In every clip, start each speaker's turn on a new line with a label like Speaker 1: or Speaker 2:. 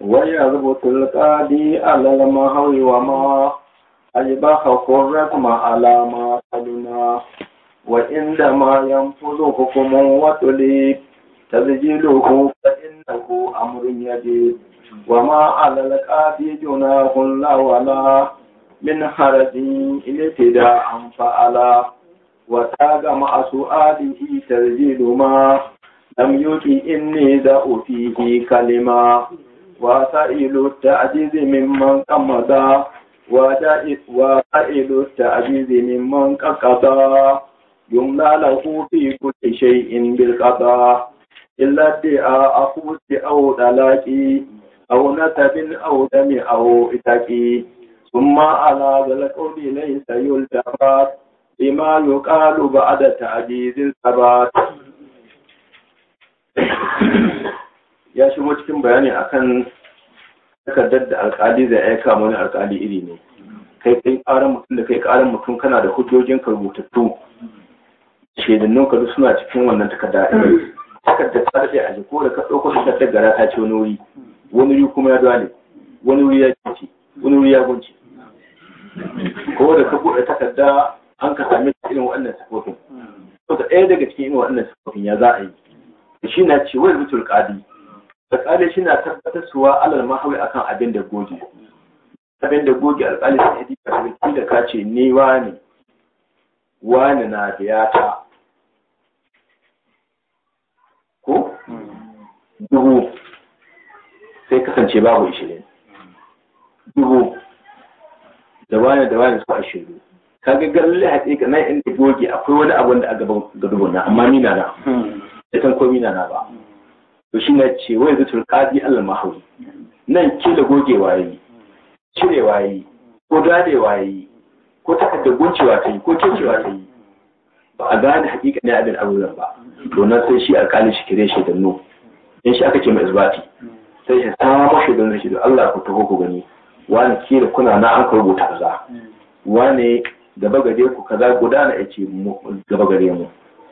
Speaker 1: Wai ya rubuta tsadi a lalma hauwa ma. Ayi ba ka kore ku ma alama ma 'yan kudu hukumun wato lef ƙasijin dokun fadin da ku a muryar yaje. Wa ma a lalka fi jo na kun lawala. Min haraji ni ke da an faɗa la. Wata gama a su ajiye tashe do ma. Ɗan yunƙyin in ne za a fi kalima. وسائل التعجيز ممن قمضا وسائل التعجيز ممن قضى يملى له في كل شيء بالقضاء إلا ادعاء أخوت أو دلاكي أو نسب أو دم أو إتكي ثم على ذا القول ليس يلتفت بما يقال بعد تعجيز الثبات ya shigo cikin bayani akan takardar da alkali zai aika wani alkali iri ne kai kai karan mutum da kai karan mutum kana da hujjojin ka rubutattu shaidannin ka suna cikin wannan takarda takarda ta rufe a jiko da ka ɗauko takardar gara ta ce wani wuri wani wuri kuma ya dole wani wuri ya kici wani wuri ya gunci ko da ka buɗe takarda an ka sami irin waɗannan sifofin to ɗaya daga cikin irin wannan sifofin ya za a yi shi na ce wani rubutul qadi alƙali shi na tabbatar suwa alal a akan abin da goge abin da goge alƙali shi ne dika rubuci da ka ce ni wani wani na ya ta
Speaker 2: ko dubu
Speaker 1: sai kasance babu ishirin dubu da wani da wani su ashirin ka ga galle haƙiƙa na inda goge akwai wani abin da a gaban ga amma ni na na hmm. san ko na na ba to shi na ce wai zutul qadi allah mahawi nan ke da goge waye cire waye ko dade waye ko takarda gunci ta yi ko kecewa ta yi ba a gane hakika ne abin abubuwan ba to na sai shi alkali shi kire shi da nu in shi aka ce mai isbati sai shi samo shi don shi da Allah ku taho ku gani wani ke da kuna na an ka rubuta wani gaba gare ku kaza gudana ya ce gaba gare mu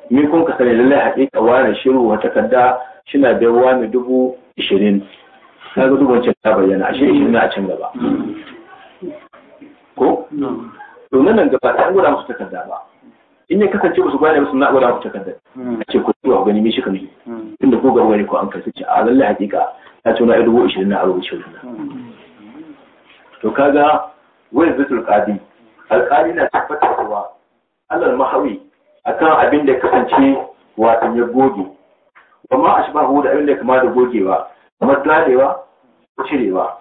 Speaker 1: ni kun ka sani lallai hakika wani shiru wa takarda kina da ne dubu ishirin na ga dubu wancan ta bayyana ashe ishirin na a can gaba ko domin nan gaba ta gwada musu takarda ba in ya kasance musu bayan musu na gwada musu takarda a ce ku zuwa gani me shi ka ku ko ga wani ko an kai ce a lallai hakika ta ce na dubu ishirin na a rubuce
Speaker 2: wannan
Speaker 1: to kaga wani zatul qadi alƙali na cewa alal mahawi akan abin da kasance wato ya gobe. amma a shi ba da abin da kama da gogewa kamar tsarewa ko cirewa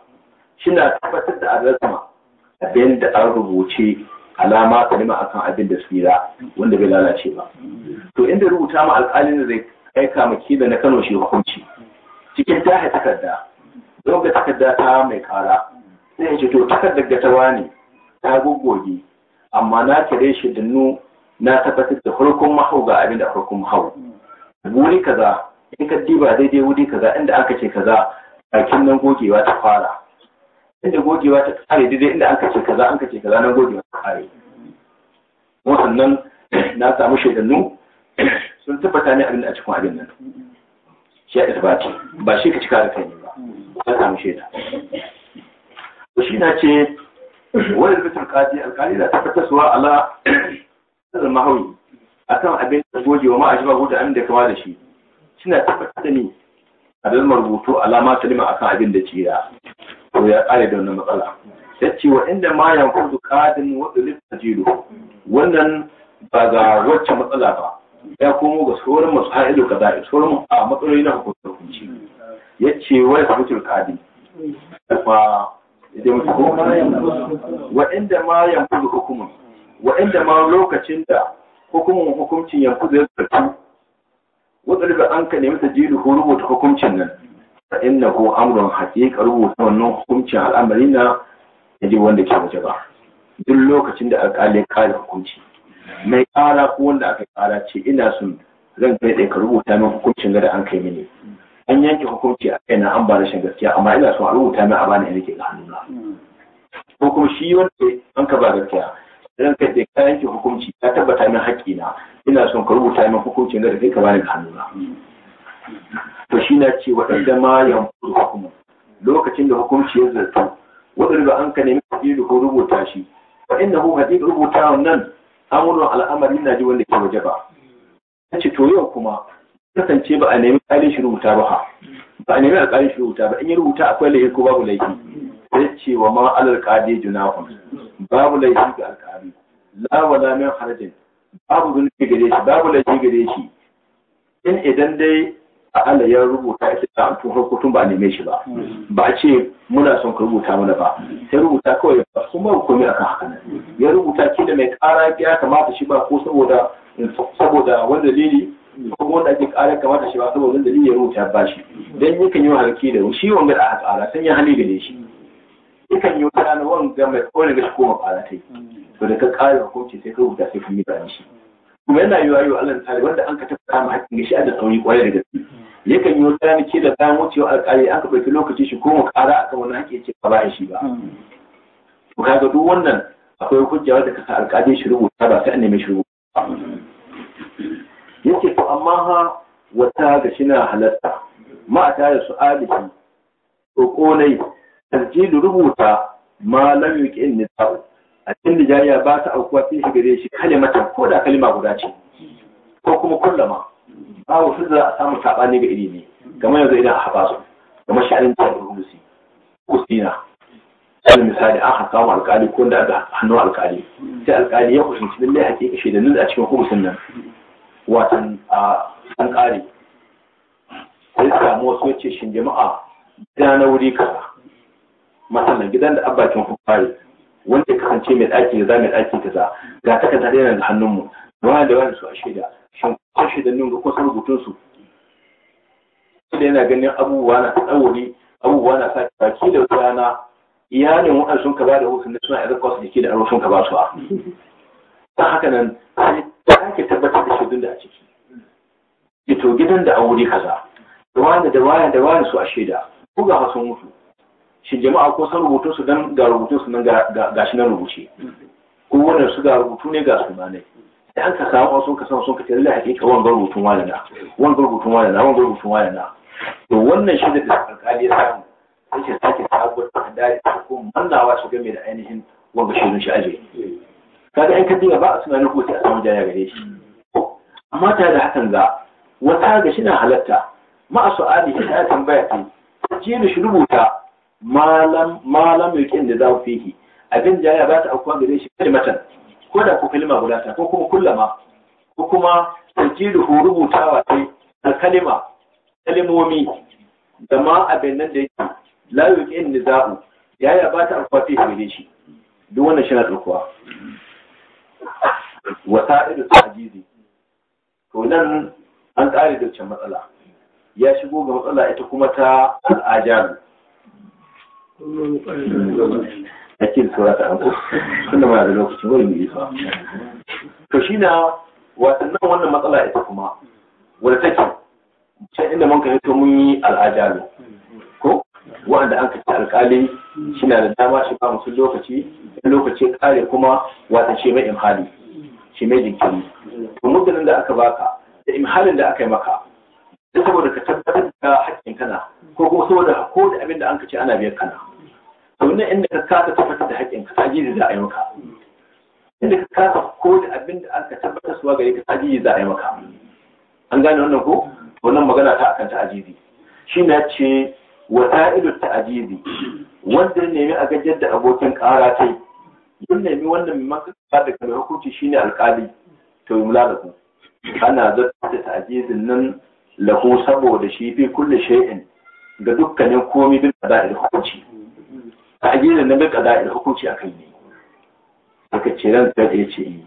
Speaker 1: shi na tabbatar da abin sama abin da an rubuce alama kalima akan abin da tsira wanda bai lalace ba to inda rubuta ma alƙalin da zai aika ma kila na Kano shi hukunci cikin tahe takarda don ga takarda ta mai ƙara. sai ce to takardar ga ta wani ta goggoge amma na kire shi dinnu na tabbatar da farkon mahau ga abin da farkon mahau buri kaza in ka diba daidai wuri kaza inda aka ce kaza bakin nan gogewa ta fara inda gogewa ta kare daidai inda aka ce kaza an ce kaza nan gogewa ta kare kuma sannan na samu shaidannu sun tabbata ne abinda a cikin abin nan shi a ba ce ba shi ka cika da kai ne ba ka samu shaida to shi na ce wani rubutun kaji alkali na tabbatar suwa ala zama mahawi akan abin da gogewa ma a shi ba hutu da kama da shi suna tabbatar da a dalmar rubutu alama ta lima akan abin da ce ya to ya kare da wannan matsala ya ce wa inda ma ya kudu kadin wadda lifta jiro wannan ba ga wacce matsala ba ya komo ga sauran masu ha'ido ka za'i sauran a matsaloli na hukunci ya ce wa ya kudu kadin fa wa inda ma ya kudu hukumin wa inda ma lokacin da hukumin hukuncin yankudu ya zartu wadanda an ka nemi tajidu ko rubuta hukuncin nan A fa ko amrun ka rubuta wannan hukuncin al'amari na ji wanda ke waje ba duk lokacin da alƙali kare hukunci mai ƙara ko wanda aka ƙara ce ina son zan kai ɗaya ka rubuta min hukuncin da an kai mini an yanke hukunci a kai na an ba rashin gaskiya amma ina son a rubuta min a bani ya rike ga hannuna ko kuma shi wanda an ka ba gaskiya ran ka je ka yanke hukunci ka tabbata min haƙƙi na ina son ka rubuta min hukunci da kai ka bani kanuna to shi na ce waɗanda ma yanku hukumu lokacin da hukunci ya zartu waɗanda an ka nemi hadisi ko rubuta shi fa innahu hadisi rubuta wannan amrun al'amari na ji wanda ke waje ba ce to yau kuma kasance ba a nemi alƙalin shi rubuta ba ba a nemi alƙalin shi rubuta ba in yi rubuta akwai laifi ko babu laifi sai ce wa ma alal qadi junahun babu laifi ga alƙali la wala min harajin babu zunubi gare shi babu laifi gare shi in idan dai a ala ya rubuta ita da tun farko ba a neme shi ba ba a ce muna son ka rubuta mana ba sai rubuta kawai ba sun ba komai akan haka ya rubuta ke da mai ƙara ya kamata shi ba ko saboda saboda wanda dalili ko da ake ƙara kama da shi ba saboda da ya rubuta ba shi dan yakan yi halki da shi wanga da aka ƙara sun yi hali gare shi yakan yi wata na wanga mai kone ga shi ko ta yi. to da ka ƙara hukunci sai ka rubuta sai ka yi da shi kuma yana yiwa yiwa Allah tsari wanda an ka tabbata ma hakkin shi a da tsauri ƙwayar da gaske yakan yi wata rana ke da bayan wucewa alƙali aka ɗauki lokaci shi ko maƙara akan wani hakki ce ba ba shi ba to kaga duk wannan akwai hujja wanda ka sa alƙali shi rubuta ba sai an neme shi rubuta yake to amma ha wata ga shi na halatta ma ta su alifi to konai tarjilu rubuta ma lam yuqin nisa'u a cikin jariya ba ta aukuwa fi shi gare shi kalimatan ko da kalima guda ce ko kuma kullama wa su za a samu sabani ga ilimi kamar yanzu idan a haɓa su kamar sha'anin ta da rubusi kusina sai misali an haka alƙali ko da aka hannu alƙali sai alƙali ya kusanci lallai hakika shaidannin a cikin hukusin nan watan an ƙare sai samu wasu yace shin jama'a gida na wuri ka. masana gidan da abakin hukari wanda ya kasance mai ɗaki za mai ɗaki za ga takarda ɗaya da hannunmu wani da wani su a shaida shin kusa shaidan nan ga kusa rubutun su da yana ganin abubuwa na ɗauri abubuwa na sa baki da rana iyalin waɗansu sun ka ba da hutun suna irin kwasa da ke da aro sun ka ba su a ta haka nan sai ta ake tabbatar duk da a ciki ito gidan da aure kaza da wani da wani da wani su a shaida ko ga sun mutu shi jama'a ko san rubutun su dan ga rubutun su nan ga shi nan rubuce ko wannan su ga rubutu ne ga su ne da an ka samu sun ka samu sun ka tare da hakika wannan rubutun wani na wannan rubutun wani na wannan rubutun wani na to wannan shi da alƙali ya samu sai ce sake sabuwar da ko mannawa su game da ainihin shi shaidun shi aje kaga in ka dinga ba a suna na ko sai a samu jaya gare shi amma tare da hakan ga wata ga shi na halatta ma'a su'adi shi ya tambaya ce je da shi rubuta malam malam yakin da za ku fihi abin da ya bata ta gare shi matan ko da ku kalma guda ta ko kuma kullama ko kuma ku hu rubutawa sai kalima kalimomi da ma abin nan da yake la yakin da za ku ya ya ba ta akwai fihi gare shi duk wannan shi na tsakuwa wata irin ta'ajizi to nan an ƙare da can matsala ya shigo ga matsala ita kuma ta al'ajalu a cikin tsora ta hanko tunda muna da lokaci wani mai isa to shi na wasannan wannan matsala ita kuma wadda take can inda man ka to mun yi ne. ko wanda an kaci alkali shi na da dama shi ba musu lokaci lokaci kare kuma wata ce mai imhali ke mai jinkiri to muddin da aka baka da imhalin da aka yi maka duk saboda ka tabbatar da haƙƙin kana ko kuma saboda ko da abin da an ce ana biyar kana to nan inda ka kasa tabbatar da haƙƙin ka tajiri za a yi maka inda ka kasa ko da abin da an ka tabbatar suwa gare ka tajiri za a yi maka an gane wannan ko wannan magana ta akan ta'ajizi shi na ce wa ta'idu ta'ajizi wanda nemi a gajiyar da abokin ƙara ta yi mun nemi wannan mai maka da kamar hukunci shine alƙali to yi mula da ku ana zata da ta'ajizin nan lahu saboda shi fi kulle shay'in ga dukkanin komi bin qada'il hukunci ta'ajizin nan bin qada'il hukunci kai ne aka ce ran ta ya ce eh,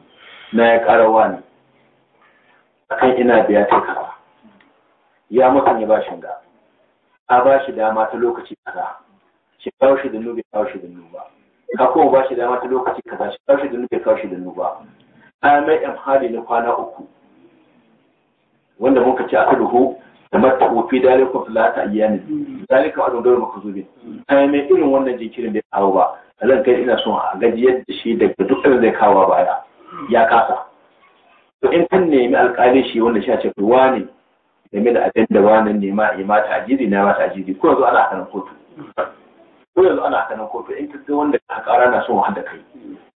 Speaker 1: na ya wa ne akan ina biya ta kaza ya mutan ya bashin ga a bashi dama ta lokaci kaza shi kawo shi da nubi kawo shi da nuba ka kuma ba shi dama ta lokaci ka bashi kashi da nufe kashi da nuba an mai yan hali na kwana uku wanda muka ci aka duhu da mata kofi da alaikun filata iyani zalika a dogara maka zubi an mai irin wannan jinkirin da ya kawo ba zan kai ina son a gajiya da shi daga duk da zai kawo baya ya kasa to in kan nemi alkali shi wanda shi a ce ruwa ne game da abin da wannan nema yi mata ajiri na mata ajiri kuma yanzu ana kanan kotu ko yanzu ana kanan kotu in ta wanda ka kara na son wahala da kai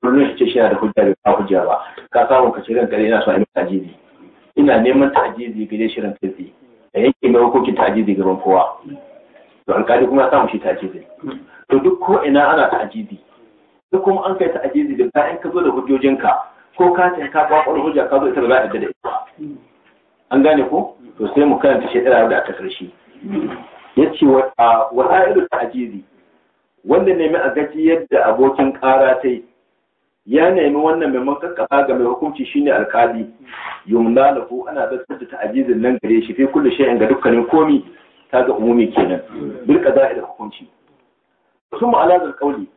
Speaker 1: domin ne ce shi da hujja bai ba hujja ba ka samu ka ce ran kare ina so a yi tajiri ina neman tajiri gare shirin ran kai da yake mai hukuncin tajizi gaban kowa to alkali kuma ya samu shi tajiri to duk ko ina ana tajiri duk kuma an kai tajiri da bayan ka zo da hujjojinka ko ka ce ka kwakwar hujja ka zo ita ba za a yadda da ita an gane ko to sai mu karanta shi da ta karshe yace wa wa'ilu ta'jizi wanda nemi a gaji yadda abokin ƙara ta yi ya nemi wannan maimakon kakkafa ga mai hukunci shine alkali yumna lahu ana zartar da ta'ajizin nan gare shi fi kullu shay'in ga dukkanin komi ta ga umumi kenan birka za da hukunci sun ma'ala da kauli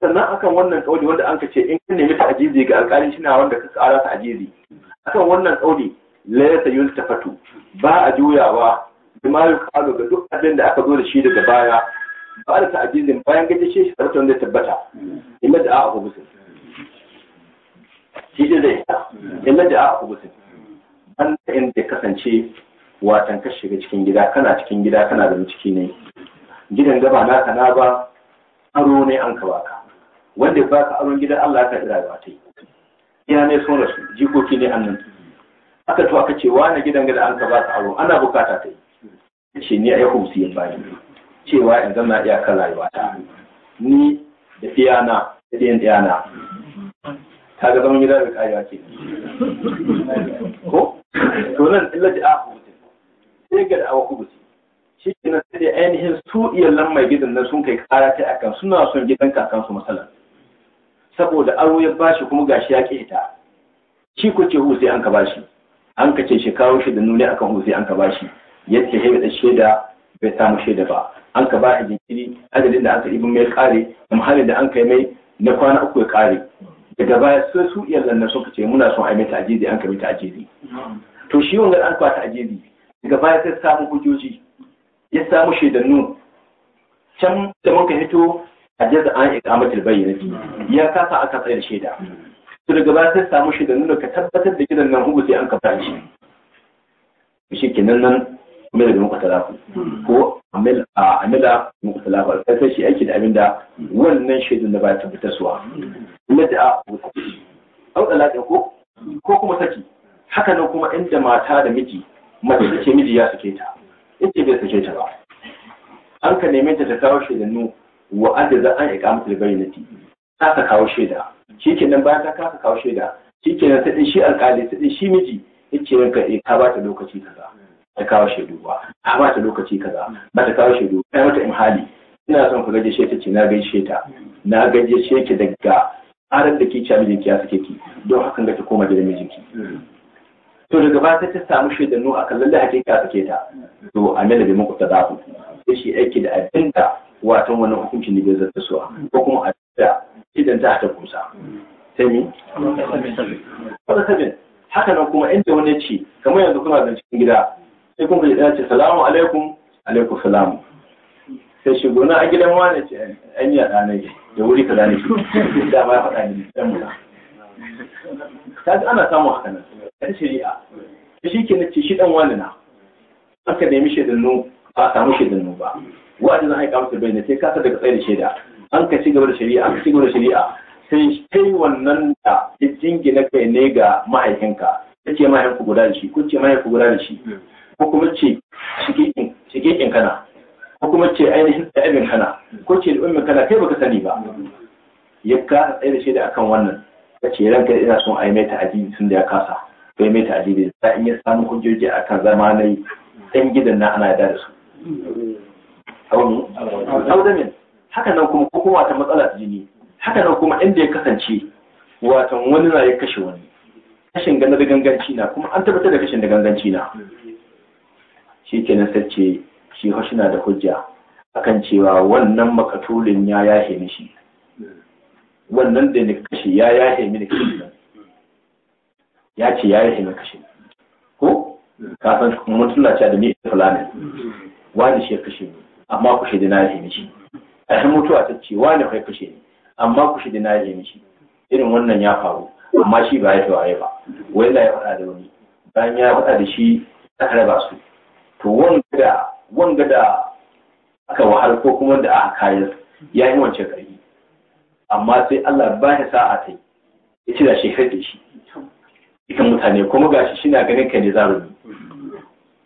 Speaker 1: sannan akan wannan kauli wanda an ce in ka nemi ta'ajizi ga alkali shine wanda ka ƙara ta'ajizi akan wannan kauli la yultafatu ba a juyawa bima yuqalu ga duk abin da aka zo da shi daga baya ba da ta'ajizin bayan gaje shi sarauta wanda tabbata ina da 'a'a, hubusin shi da zai ta imma da 'a'a hubusin an da inda kasance watan ka shiga cikin gida kana cikin gida kana da ciki ne gidan gaba na ka na ba aro ne an ka baka wanda baka aron gidan Allah ka jira ba tai ya ne son rasu jikoki ne annan aka to aka ce wani gidan gada an ka baka aro ana bukata tai ce ni ai hubusi ya bayan cewa in zama kan rayuwa ta ni da ɗiyana da ɗiyan ɗiyana ta ga zama gida da kariya ce ko
Speaker 2: to nan illaji a
Speaker 1: hukutu sai ga da awa hukutu shi ke nan sai ainihin su iya mai gidan nan sun kai kara ta kan suna son gidan kakansu matsalar saboda aro ya bashi kuma gashi ya ke ita shi ko ce husai an ka bashi an ka ce shi kawo shi da nuni akan husai an ka bashi yadda ya yi da shaida bai samu shaida ba an ka ba a jinkiri adadin da aka yi mai kare da muhalli da an kai mai na kwana uku ya kare daga baya sai su iya nan suka ce muna son a mai ta'ajiri an ka mai ta'ajiri to shi wanga an kwata ta'ajiri daga baya sai samu hujjoji ya samu shaidannu can da muka hito a jaza an bayyana bayyinati ya kasa aka tsaye da shaida to daga baya sai samu shaidannu da ka tabbatar da gidan nan hubu sai an kafa shi shi kenan nan amila da muqtalafu hmm. ko amila amila muqtalafu sai sai shi aiki da abinda wannan shaidun da ba hmm. ta fitarwa illa da au talaka ko ko kuma saki haka nan kuma inda mata da miji mace take miji ya sake ta yace bai sake ta ba an ka neman ta ta kawo shaidannu wa adda an iqamatul bayyinati ta ka kawo shaida shikenan bayan ta ka kawo shaida shikenan sai shi alkali sai shi miji Yake ranka eh ka ba ta lokaci kaza ta kawo shaidu ba a ba ta lokaci kaza ba ta kawo shaidu ai mata imhali ina son ku gaje ta ce na gaishe ta na gaje ki daga aran da ke ci abin ki ya sake ki don hakan ga ta koma gidan mijinki to daga ba ta samu shaidannu a kan lalle hakika sake ta to amina bai muku ku. sai shi aiki da abinda watan wannan hukunci ne bai zarta suwa ko kuma a da idan ta ta kusa sai ni haka nan kuma inda wani ci kamar yanzu kuna zancen gida sai kuma ya ce salamu alaikum alaikum salamu sai shi gona a gidan wani ce an yi a ɗanai da wuri ka zane shi da ma ya faɗa ne dan mula ta ji ana samun haka nan ɗan shari'a da shi ke nace shi ɗan wani na aka nemi shi shaidannu ba a samu shaidannu ba wa'adin zan haika masa bai ne sai kasa daga tsaye da shaida an ka ci gaba da shari'a an ci gaba da shari'a sai kai wannan da ya jingina kai ne ga mahaifinka ya ce mahaifinku guda da shi kun ce mahaifinku guda da shi ko kuma ce shigikin kana ko kuma ce ainihin ɗa'ibin kana ko ce ɗa'ibin kana kai baka sani ba ya kasa tsaye da shaida akan wannan ya ce ranka ina son a yi mai ta'adili tun da ya kasa bai mai ta'adili da in ya samu hujjoji akan zama na yi ɗan gidan na ana yarda da su audamin haka nan kuma ko kuma wata matsala jini haka nan kuma inda ya kasance watan wani na ya kashe wani kashin ganar ganganci na kuma an tabbatar da kashin da ganganci na shi ke na sace shi na da hujja akan cewa wannan makatulin ya yahe mishi wannan da ni kashi ya yahe mini kashi ya ce ya yahe mini kashi ko kafin mun tullace da ni fulani wani shi ya kashe ni amma ku shi na yahe mishi a yi mutuwa ta ce wani kai kashe ni amma ku shi na yahe mishi irin wannan ya faru amma shi ba ya waye ba wai la ya faɗa da wani bayan ya faɗa da shi ta raba su to wanga da aka wahal ko kuma da aka kayar ya yi wancan ƙarfi amma sai Allah ba ya sa'a ta ya ce da shi da shi ikan mutane kuma ga shi na ganin ka ne zarumi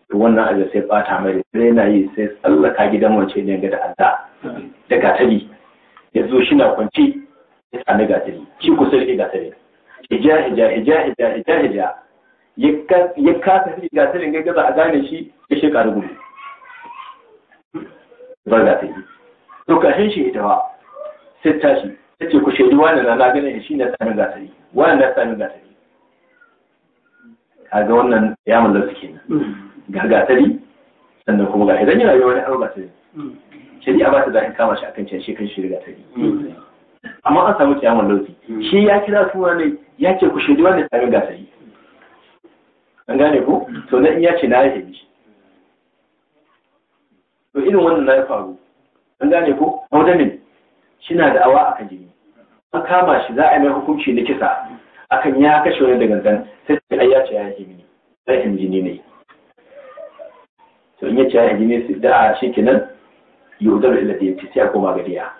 Speaker 1: to wannan abu sai bata mai sai yana yi sai tsallaka gidan wancan ne ga da Allah da gatari ya zo shi na kwanci ya tsani gatari shi kusa da gatari hija hija hija hija hija hija ya kasa shi ga tsirin gaggaba za a gane shi ya shi ƙari gudu bar ga ta yi to kashin shi ita ba sai shi ta ce ku shaidu wani na ganin shi na tsanin gasari wani na tsanin gasari ga wannan ya mallar su kenan ga gasari sannan kuma ga idan yana yi wani aro gasari a ba ta zahin kama shi a kan can shi kan shi gasari amma an samu kiyamun lauti shi ya kira suna ne ya ce ku shaidu wani tsanin gasari an gane ku to na iya ce na yahe hebi to irin wannan na ya faru an gane ku a wajen shi na da awa akan jini an kama shi za a yi mai hukunci na kisa akan ya kashe wani daga zan sai ta ai ya ce ya yahe mini rahin jini ne to in ya ce ya gini su da a shi kenan yaudar da ila da ya ce sai mai koma gariya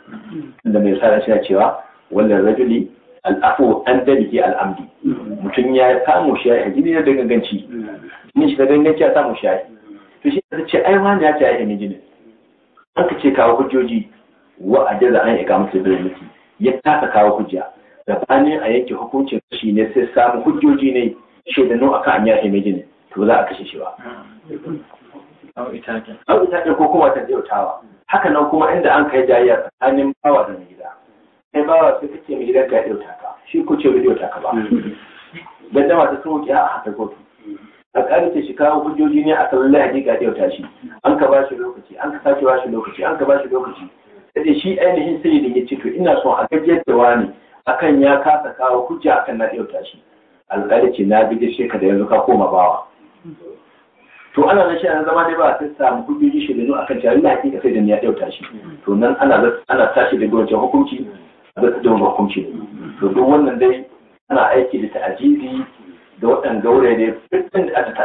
Speaker 1: inda mai sa cewa wannan rajuli al'afu an ke al'amdi mutum ya samu shi ya yi ne da ganganci ne shi da ganganci ya samu shi ya to shi ta ce ai wani ya ce ya yi mijinin an ka ce kawo hujjoji wa a jaza an iƙa musu da mutu. ya taka kawo hujja gabanin a yanke hukuncin shi ne sai samu hujjoji ne da shaidanu akan an ya yi mijinin to za a kashe shi ba au itaƙe ko kuma ta haka nan kuma inda an kai jayya tsakanin bawa da mai kai bawa sai kace mai gidanka ya ɗauka ka shi ku ce bai ɗauka ka ba dan dama ta sun wuce a haka kotu a ƙarfe shi kawo hujjoji ne a kan lahaji ga ɗauka shi an ka ba shi lokaci an ka sake ba shi lokaci an ka ba shi lokaci sai shi ainihin sai da ya ce to ina son a gajiyar da wani akan ya kasa kawo hujja akan na ɗauka shi alƙali ce na bige shi da yanzu ka koma bawa to ana nan shi ana zama dai ba a sai samu hujjoji shi da zo akan jari na hakika sai da ya ɗauka shi to nan ana ana tashi da gwajin hukunci don hukunci to duk wannan dai ana aiki da ta'ajizi da waɗanda gaure ne fitin da aka ke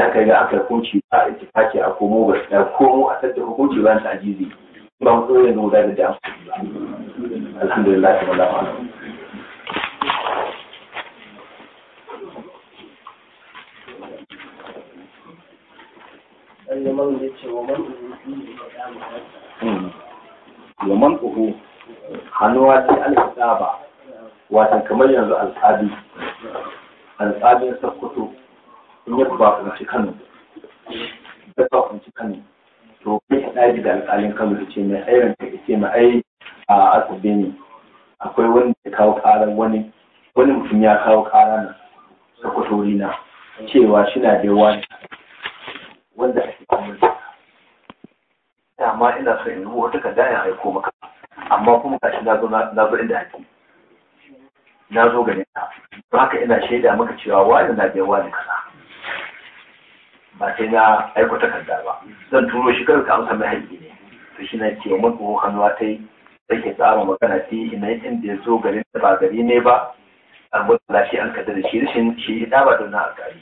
Speaker 1: aka ga aka hukunci ba a ittifaki a komo ba a komo a hukunci ba ba mu
Speaker 2: da da
Speaker 1: Wa man uhu hannuwa ce alƙaba watan kamar yanzu alƙadi alƙadin sakkwato in yi ba kunci kano ya ba kunci kano to kai ya ɗaji da alƙalin kano da ce mai airan ta ce mai ai a asabe ne akwai wani ya kawo ƙarar wani wani mutum ya kawo ƙara na sakkwato na cewa shi na da yawa wanda ake kuma dama ina so in wata ka da ya aiko maka amma kuma kashi na zo na zo inda ake na zo gane ta ba haka ina shaida maka cewa wani na wa wani kasa ba sai na aiko takarda ba zan turo shi kawai ka amsa mai haƙƙi ne to shi na cewa mako hannuwa ta yi ke tsara magana ta yi ina inda ya zo garin da ba gari ne ba an gwada shi an kaddara shi rashin shi ita ba don na alƙali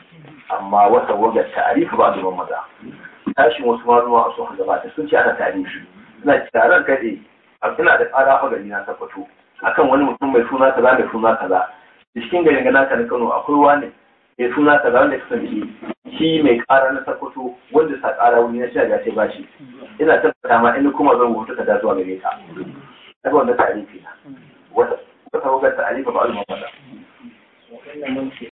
Speaker 1: amma wata wagar ta'arifa ba domin maza tashin wasu maruwa a sun hanzama ta sun ce ana tarihi suna taron kaɗe a suna da tsada a gari na tabbato akan wani mutum mai suna kaza mai suna kaza cikin garin gana ta na Kano akwai wani mai suna kaza wanda ya kasance shi mai ƙara na tabbato wanda sa ƙara wani na shaga ba shi. ina tabbata ma in kuma zan wuce
Speaker 2: zuwa gare ka daga wanda ta alifi na wata wata ta alifa ba